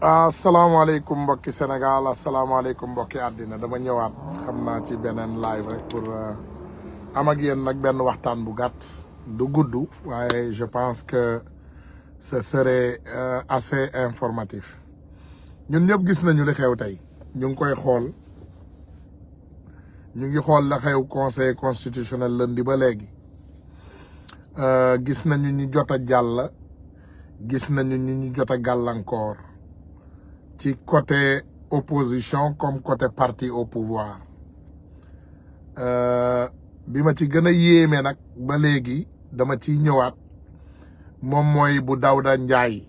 asalaamaaleykum mbokki Sénégal asalaamaaleykum mbokki àddina dama ñëwaat xam naa ci beneen live rek pour euh, am ak yéen nag benn waxtaan bu gàtt du gudd waaye je pense que ce serait euh, assez informatif ñun ñëpp gis nañu li xew tey ñu ngi koy xool ñu ngi xool la xew conseil constitutionnel lundi ba léegi euh, gis nañu ñi jot a jàll gis nañu ñi ñu jot a gàllankoor ci côté opposition comme côté parti au pouvoir euh, bi ma ci gën a yéeme nag ba léegi dama ciy ñëwaat moom mooy bu Daouda Ndiaye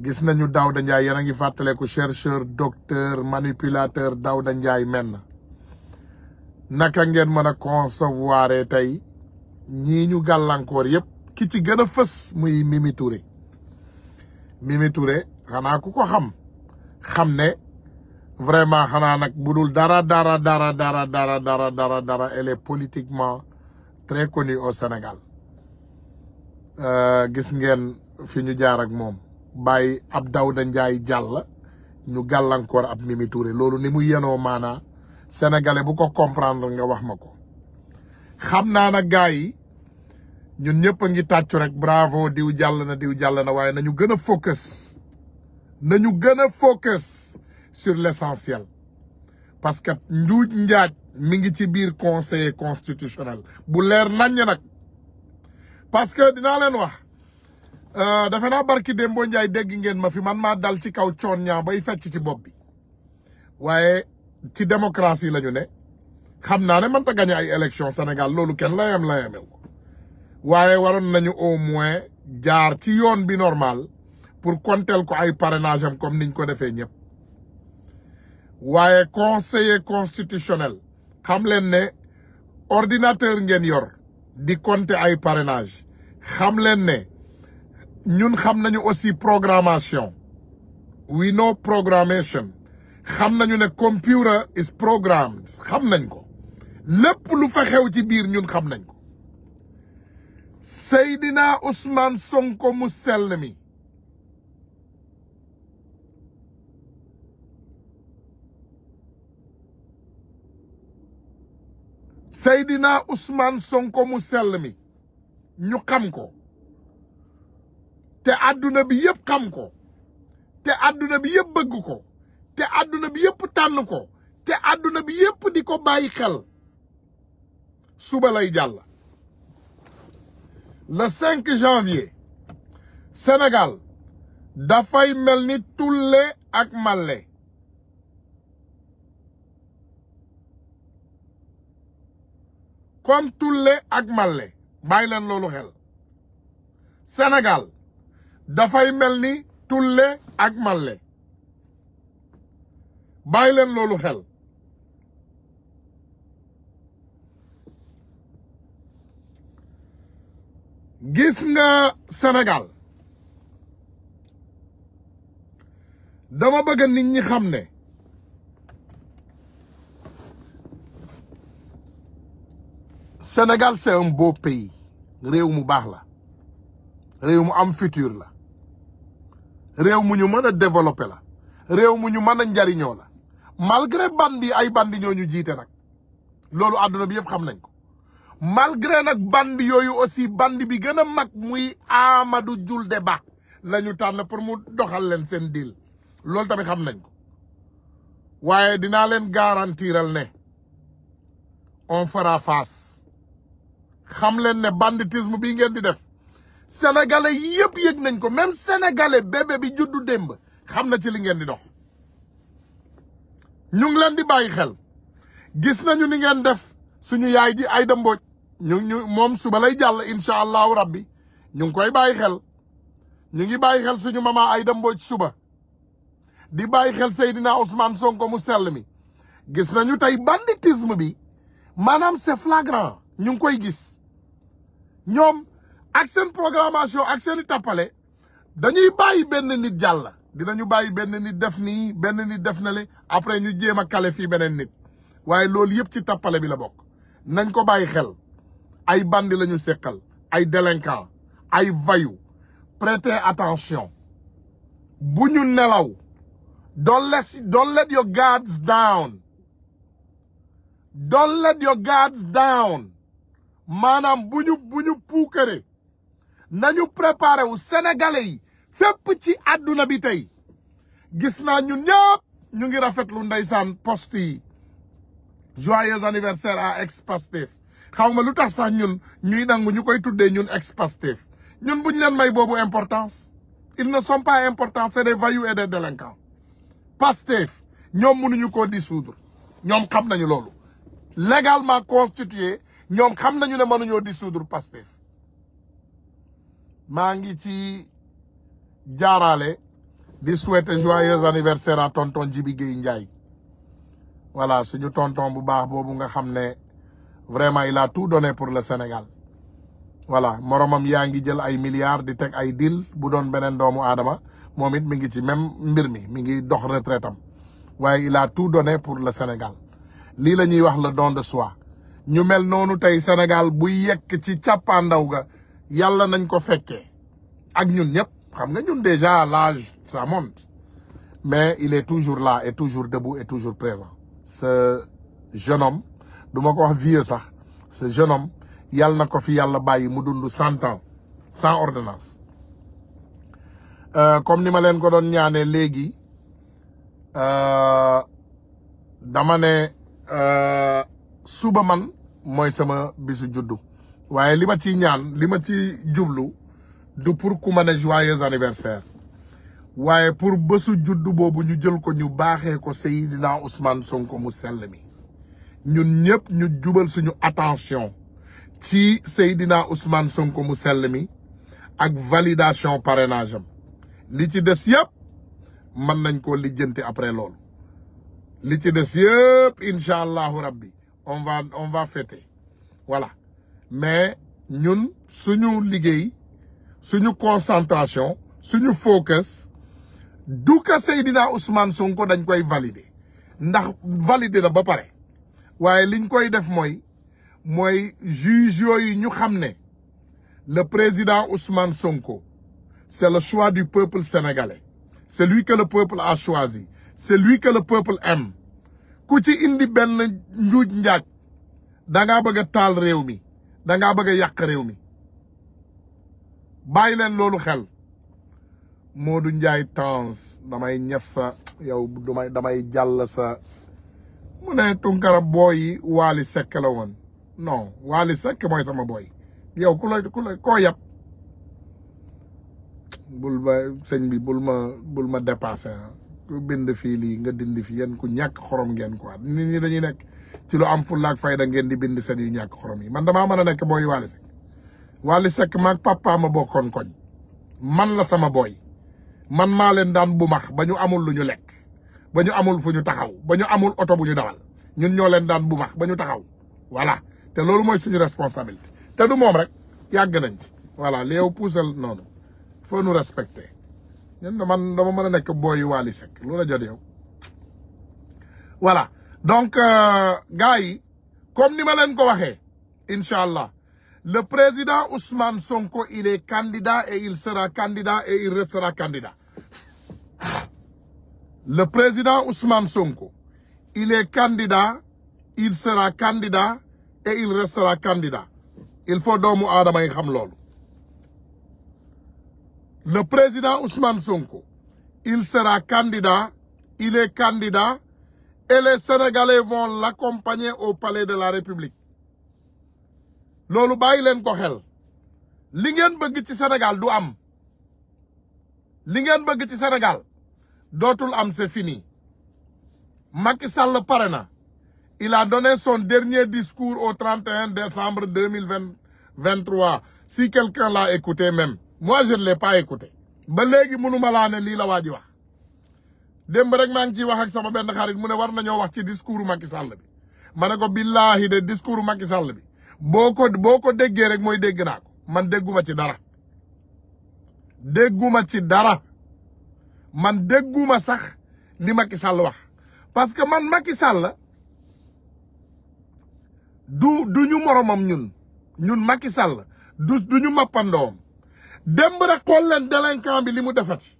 gis nañu Daouda Ndiaye yéen a ngi fàttaleku chercheur docteur manipulateur Daouda Ndiaye menn naka ngeen mën a concevoir tey ñii ñu gàllankoor yépp ki ci gën a fës muy Mimi Touré xanaa ku ko xam xam ne vraiment xanaa nag bu dul dara dara dara dara dara dara dara dara elle politiquement très connue au Sénégal euh, gis ngeen fi ñu jaarak moom bàyyi ab daw da Ndiaye jàll ñu gàllankoor ab Mimi Touré loolu ni mu yenoo maanaa sénégalais bu ko comprendre nga wax ma ko xam naa nag gars yi ñun ñëpp a ngi tàccu rek bravo diw jàll na diw jàll na waaye nañu gën a focus nañu gën a focus sur l'essentiel parce que njuuj njaaj mi ngi ci biir conseil constitutionnel bu leer naññ nag parce que dinaa leen wax euh, dafe naa barki boo Njaay dégg ngeen ma fi man maa dal ci kaw coon ñaa bay fecc ci bopp bi waaye ci démocratie la ñu ne xam naa ne mën ta gañe ay élection Sénégal loolu kenn layam layamew waaye waroon nañu au moins jaar ci yoon bi normal pour konteel ko ay parrainage am comme niñ ko defee ñëpp waaye conseiller constitutionnel xam leen ne ordinateur ngeen yor di compter ay parrainage xam leen ne ñun xam nañu aussi programmation we know programmation xam nañu ne computer is programmed xam nañ ko lépp lu fa ci biir ñun xam nañ ko Seydina Ousmane Sonko mu sell mi Seydina Ousmane Sonko mu sell mi ñu xam ko te àdduna bi yëpp xam ko te àdduna bi yëpp bëgg ko te àdduna bi yëpp tànn ko te àdduna bi yëpp di ko bàyyi xel suba lay jàll le 5 janvier senegal dafay mel ni tulle ak male comme Tulle ak Malle bàyyi leen loolu xel Sénégal dafay mel ni Tulle ak Malle bàyyi leen loolu xel gis nga Sénégal dama bëgg nit ñi xam ne Sénégal c'est un beau pays réew mu baax la réew mu am futur la réew mu ñu mën a développer la réew mu ñu mën a njariñoo la malgré bandi ay band ñoo ñu jiite nag loolu àdduna bi yëpp xam nañ ko malgré nag band yooyu aussi band bi gën a mag muy Amadou Julde Ba la ñu tànn pour mu doxal leen seen diil loolu tamit xam nañ ko waaye dinaa leen garantiral ne on fera face xam leen ne banditisme bii ngeen di def sénégalais yëpp yëg nañ ko même sénégalais bébé bi juddu démb xam na ci li ngeen di dox ñu ngi leen di bàyyi xel gis nañu ni ngeen def suñu yaay ji Aïda Mbodj ñu ñu moom suba lay jàll incha allahu rabbi ñu ngi koy bàyyi xel ñu ngi bàyyi xel suñu mama Aïda Mbodj suba di bàyyi xel Seydina Ousmane Sonko mu sell mi gis nañu tey banditisme bi maanaam c'est flagrant ñu ngi koy gis ñoom ak seen programmation ak seeni i tappale dañuy bàyyi benn nit jàll dinañu bàyyi benn nit def nii benn nit def na le après ñu jéem a kale fii beneen nit waaye loolu yëpp ci tappale bi la bokk nañ ko bàyyi xel ay bandi lañu sekkal ay délinquant ay vayu prêtez attention bu ñu nelaw don't let don't let your guards down down maanaam bu ñu bu ñu puukare nañu préparé wu sénégalais yi fépp ci àdduna bi tey gis naa ñun ñëpp ñu ngi rafetlu ndeysaan poste yi joyeux anniversaire à ex-Pastef xaw ma lu tax sax ñun ñuy nangu ñu koy tuddee ñun ex-Pastef ñun bu ñu leen may boobu importance ils ne sont pas importants c'est des voyous et des délinquants Pastef ñoom mënuñu koo dissoudre ñoom xam nañu loolu légalement constitué ñoom xam nañu ne mënuñoo dissoudre Pastef maa ngi ci jaaraale di souhaiter joyeux anniversaire à tonton Djibi Gueye Ndiaye voilà suñu tonton bu baax boobu nga xam ne vraiment il a tout donné pour le Sénégal voilà moromam yaa ngi jël ay milliards di teg ay deal bu doon beneen doomu aadama moom it mi ngi ci même mbir mi mi ngi dox retraitam waaye il a tout donné pour le Sénégal lii la ñuy wax le don de soi ñu mel noonu tey Sénégal buy yekk ci càppaandaw ga yàlla nañ ko fekkee ak ñun ñëpp xam nga ñun déjà lage ça monte mais il est toujours là et toujours debout et toujours présent ce jeune homme duma ma ko vieux sax ce jeune homme yàlla na ko fi yàlla bàyyi mu dund cent ans sans ordonnance euh, comme ni ma leen ko doon ñaanee léegi euh, dama ne euh, suba man mooy sama bisu juddu waaye li ma ciy ñaan li ma ci jublu du pour ku ma ne joyeux anniversaire waaye pour bésu juddu boobu ñu jël ko ñu baaxee ko Seydina Ousmane Sonko mu sell ñun ñëpp ñu jubal suñu attention ci Seydina Ousmane Sonko mu sell mi ak validation parrainage am li ci des yëpp mën nañ ko lijjanti après loolu li ci des yëpp incha allahu rabbi on va on va fêter voilà mais ñun suñu liggéey suñu concentration suñu focus du ka Seydina Ousmane Sonko dañ koy valider ndax valider na ba pare waaye liñ koy def mooy mooy juge yooyu ñu xam ne le président Ousmane Sonko c'est le choix du peuple sénégalais c'est lui que le peuple a choisi c'est lui que le peuple ku ci indi benn njuuj njaaj dangaa bëgg a taal réew mi dangaa bëgg yàq réew mi bàyyi leen loolu xel Modou njaay Tans damay ñef sa yow dumay damay jàll sa mu ne Tunkara booy yi Waly Seck la woon non Waly Seck mooy sama booy yow ku la ku koo yab bul ma sëñ bi bul ma bul ah. ku bind fii lii nga dind fi yéen ku ñàkk xorom ngeen quoi nit ñi dañuy nekk ci lu am fulla ak fayda ngeen di bind seen yu ñàkk xorom yi man damaa mën a nekk booy Wally Seck Wally Seck maag papa ma bokkoon koñ man la sama booy man maa leen daan bu max ba ñu amul lu ñu lekk ba ñu amul fu ñu taxaw ba ñu amul oto bu ñu damal ñun ñoo leen daan bu max ba ñu taxaw voilà te loolu mooy suñu responsabilité te du moom rek yàgg nañ ci voilà léew puusal noonu faut nous ñun dama dama mën a nekk booyu Wally Seck lu la jot yow voilà donc euh, gars yi comme ni ma leen ko waxee incha allah le président Ousmane Sonko il est candidat et il sera candidat et il restera candidat le président Ousmane Sonko il est candidat il sera candidat et il restera candidat il faut doomu aadama i xam loolu Le président Ousmane Sonko, il sera candidat, il est candidat et les Sénégalais vont l'accompagner au palais de la République. loolu bàyyi leen ko xel li ngeen bëgg ci Sénégal du am li ngeen bëgg ci Sénégal dootul am c'est fini Macky Sall pare na il a donné son dernier discours au 31 décembre 2023 si quelqu'un l'a écouté même moi je ne l'ai ba léegi mënuma laa ne lii la waa ji wax démb rek maa ngi ciy wax ak sama benn xarit mu ne war nañoo wax ci discours Macky Sall bi ma ne ko billaahi de discours Macky Sall bi boo ko boo ko déggee rek mooy dégg naa ko man dégguma ci dara dégguma ci dara man dégguma sax li Macky Sall wax parce que man Macky Sall du du ñu moromam ñun ñun Macky Sall du du ñu mappandoom démb rek xool leen délinquant bi li mu defati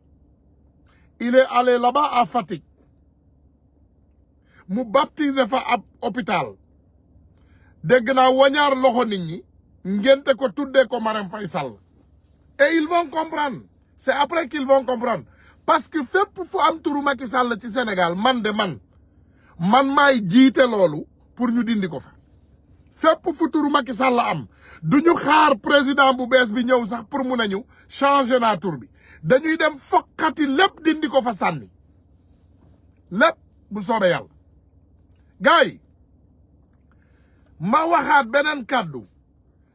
il est allé là-bas à Fatick mu baptiser fa ab hôpital dégg naa wañaar loxo nit ñi ngente ko tuddee ko Marème Faye Sall e ils vont comprendre c'est après qu'ils vont comprendre parce que fépp fu am turu Macky Sall ci Sénégal man de man man maay jiite loolu pour ñu dindi ko fa fépp fu turu Macky la am du ñu xaar président bu bees bi ñëw sax pour mun nañu changer naa tur bi dañuy dem fokkati lépp dindi ko fa sànni lépp bu soobee yàlla gars yi ma waxaat beneen kàddu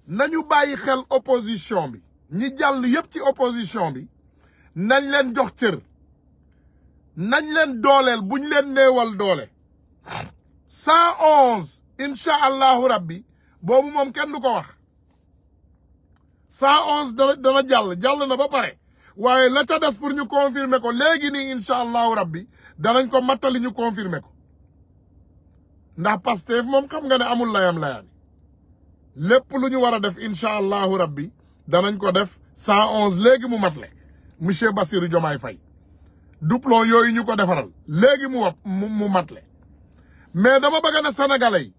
nañu bàyyi xel opposition bi ñi jàll yépp ci opposition bi nañ leen jox cër nañ leen dooleel buñ leen néewal doole incha allahu rabbi boobu moom kenn du ko wax cent onze dana dana jàll jàll na ba pare waaye la ca des pour ñu confirmer ko léegi nii incha allahu rabbi danañ ko mattali ñu confirmer ko ndax Pastef moom xam nga ne amul layam layaani lépp lu ñu war a def incha allahu rabbi danañ ko def cent onze léegi mu matle monsieur Bassirou Diomaye Faye doublon yooyu ñu ko defaral léegi mu wap mu matle mais dama bëgg na sénégalais yi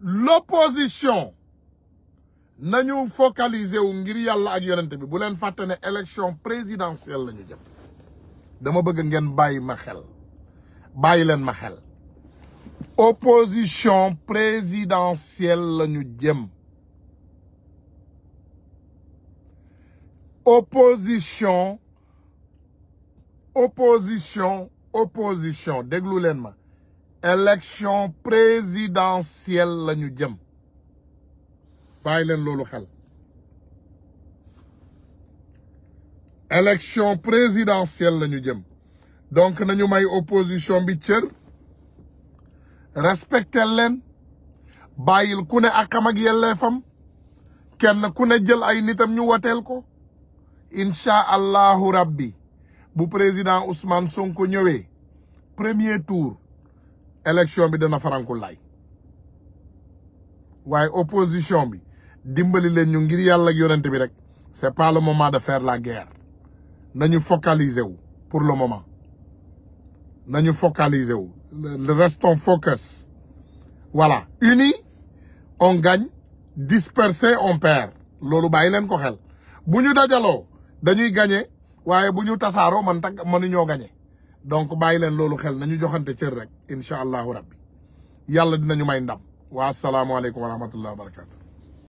l'opposition nañu focaliser wu ngir yàlla ak yonent bi bu leen fàtte ne élection présidentielle la ñu jëm dama bëgg ngeen bàyyi ma xel bàyyi leen ma xel opposition présidentielle la ñu jëm opposition opposition opposition déglu leen ma élection présidentielle la ñu jëm bàyyi leen loolu xel élection présidentielle la ñu jëm donc nañu may opposition bi cër respecté leen bàyyil ku ne akam ak yelleefam kenn ku ne jël ay nitam ñu wateel ko incha allahu rabbi bu président Ousmane ko ñëwee premier tour élection bi dana faranku lay waaye opposition bi dimbali leen ñu ngir yàlla ak bi rek c'est pas le moment de faire la guerre nañu focaliser wu pour le moment nañu focaliser wu le restons focus voilà unis on gagne dispersés on perd loolu bàyyi leen ko xel bu ñu dajaloo dañuy gagner waaye bu ñu tasaaroo man tag mënuñoo gagner donc bàyyi leen loolu xel nañu joxante cër rek incha allahu rabbi yàlla dinañu may ndam wa asalaamualeykum wa rahmatullah wa barakatu